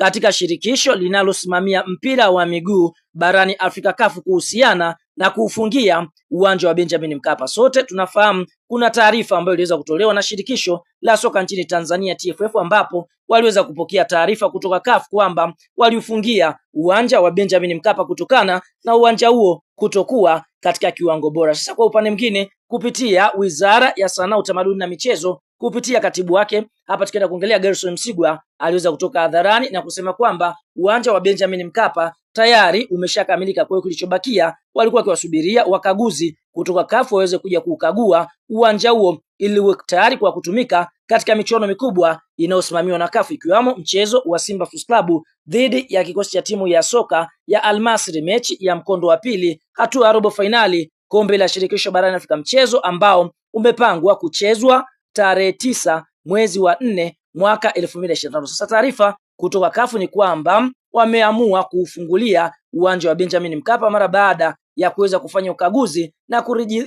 katika shirikisho linalosimamia mpira wa miguu barani Afrika kafu kuhusiana na kuufungia uwanja wa Benjamin Mkapa. Sote tunafahamu kuna taarifa ambayo iliweza kutolewa na shirikisho la soka nchini Tanzania TFF, ambapo waliweza kupokea taarifa kutoka CAF kwamba waliufungia uwanja wa Benjamin Mkapa kutokana na uwanja huo kutokuwa katika kiwango bora. Sasa kwa upande mwingine, kupitia Wizara ya Sanaa, Utamaduni na Michezo kupitia katibu wake. Hapa tukienda kuongelea, Gerson Msigwa aliweza kutoka hadharani na kusema kwamba uwanja wa Benjamin Mkapa tayari umeshakamilika. Kwa hiyo kilichobakia walikuwa wakiwasubiria wakaguzi kutoka CAF waweze kuja kuukagua uwanja huo ili uwe tayari kwa kutumika katika michuano mikubwa inayosimamiwa na CAF ikiwamo mchezo wa Simba Sports Club dhidi ya kikosi cha timu ya soka ya almasri mechi ya mkondo wa pili hatua ya robo fainali kombe la shirikisho barani Afrika, mchezo ambao umepangwa kuchezwa tarehe tisa mwezi wa nne mwaka 2025. Sasa taarifa kutoka kafu ni kwamba wameamua kuufungulia uwanja wa Benjamin Mkapa mara baada ya kuweza kufanya ukaguzi na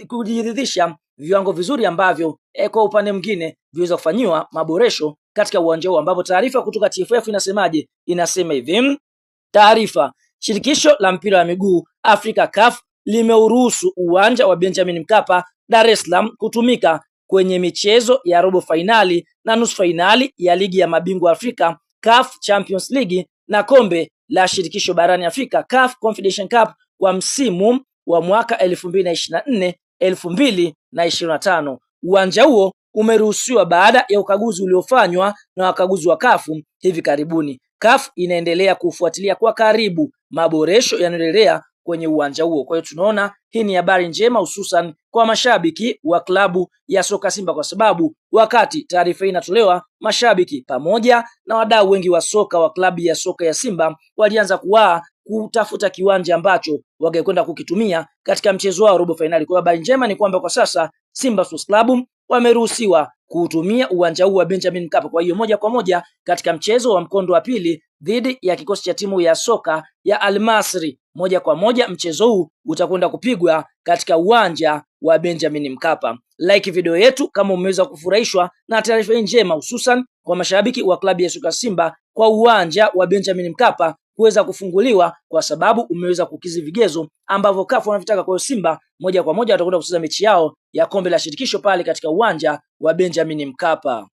kujiridhisha viwango vizuri ambavyo e, kwa upande mwingine viweza kufanyiwa maboresho katika uwanja huo, ambapo taarifa kutoka TFF inasemaje? Inasema hivi: taarifa, shirikisho la mpira wa miguu Afrika CAF limeuruhusu uwanja wa Benjamin Mkapa Dar es Salaam kutumika kwenye michezo ya robo fainali na nusu fainali ya ligi ya mabingwa Afrika CAF Champions League na kombe la shirikisho barani Afrika CAF Confederation Cup kwa msimu wa mwaka 2024 2025. Uwanja huo umeruhusiwa baada ya ukaguzi uliofanywa na wakaguzi wa CAF hivi karibuni. CAF inaendelea kufuatilia kwa karibu maboresho yanayoendelea kwenye uwanja huo. Kwa hiyo tunaona hii ni habari njema, hususan kwa mashabiki wa klabu ya soka Simba, kwa sababu wakati taarifa hii inatolewa, mashabiki pamoja na wadau wengi wa soka wa klabu ya soka ya Simba walianza kuwaa kutafuta kiwanja ambacho wangekwenda kukitumia katika mchezo wao robo fainali. Kwa habari njema ni kwamba kwa sasa Simba Sports Club wameruhusiwa kuutumia uwanja huu wa Benjamin Mkapa. Kwa hiyo moja kwa moja katika mchezo wa mkondo wa pili dhidi ya kikosi cha timu ya soka ya almasri Moja kwa moja mchezo huu utakwenda kupigwa katika uwanja wa Benjamin Mkapa. Like video yetu kama umeweza kufurahishwa na taarifa hii njema, hususan kwa mashabiki wa klabu ya soka Simba kwa uwanja wa Benjamin Mkapa kuweza kufunguliwa kwa sababu umeweza kukizi vigezo ambavyo CAF wanavitaka. Kwa hiyo Simba moja kwa moja watakwenda kucheza mechi yao ya kombe la shirikisho pale katika uwanja wa Benjamin Mkapa.